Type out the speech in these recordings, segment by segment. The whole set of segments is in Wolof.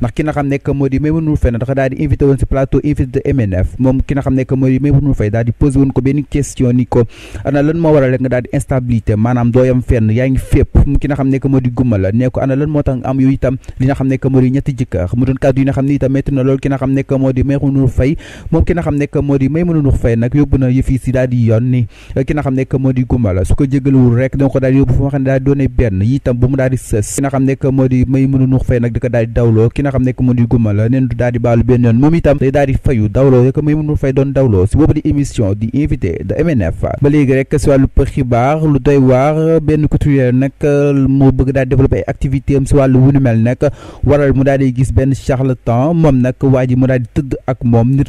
ndax ki nga xam ne moo di Maimouna Faye na dafa daal di invité woon moom ki na xam ne moo di Maimouna Faye moom ki nag yóbbu na yëf si daal di yoon ni ki nga xam ne moo di gumma la su ko jégalwul rek donc daal yóbbu fu nga xam ne daal doone benn yi itam bu mu daal di sës ki nga xam ne moo di Maimouna Faye nag di daal di dawloo dawloo ki nga xam nekk mu di gumma la neen du daal di baalu benn yoon moom itam day daal di fayu dawloo rek muy mënul fay doon dawloo si boobu di émission di invité de MNF ba léegi rek si wàllu xibaar lu doy waar benn couturier nag moo bëgg daal développé ay activité am si wàllu wunu mel nag waral mu daal di gis benn charlatan moom nag waa ji mu daal di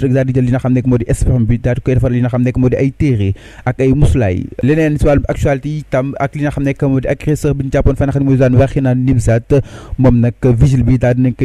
daal di jël li nga xam nekk moo di sperme bi daal di koy defar li nga xam nekk moo di ay téere ak ay musulaay leneen si wàllu actualité itam ak li nga xam nekk moo di agresseur bi ñu jàppoon fan xam ne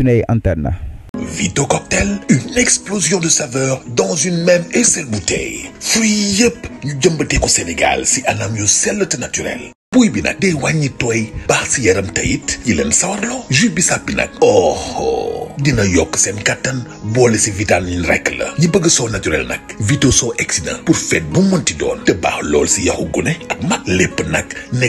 Antenne. Vito Cocktail, une explosion de saveurs dans une même et seule bouteille Free yep, yëpp ñu jëmbatee Sénégal si anam yu sell naturel buy bi nag day wàññi il baax si yaram tayit yi oh, oh dina yokk seen kattan boole si rek ñi naturel nag Vito soow accident pour fête bu monti doon te baax lool si yaxu gune ak mag lépp nag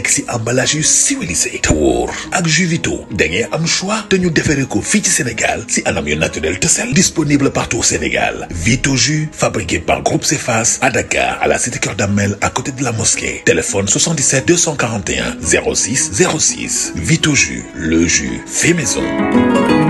si emballage civilisé tour wóor ak jus Vito da ngeen am choix te ñu ko fii ci Sénégal si anam yu naturel te sel disponible partout au Sénégal Vito jus fabriqué par Groupe Cefas à Dakar à la cité cœur Damel à côté de la mosquée téléphone 77 241 06 06 Vito jus le jus fait maison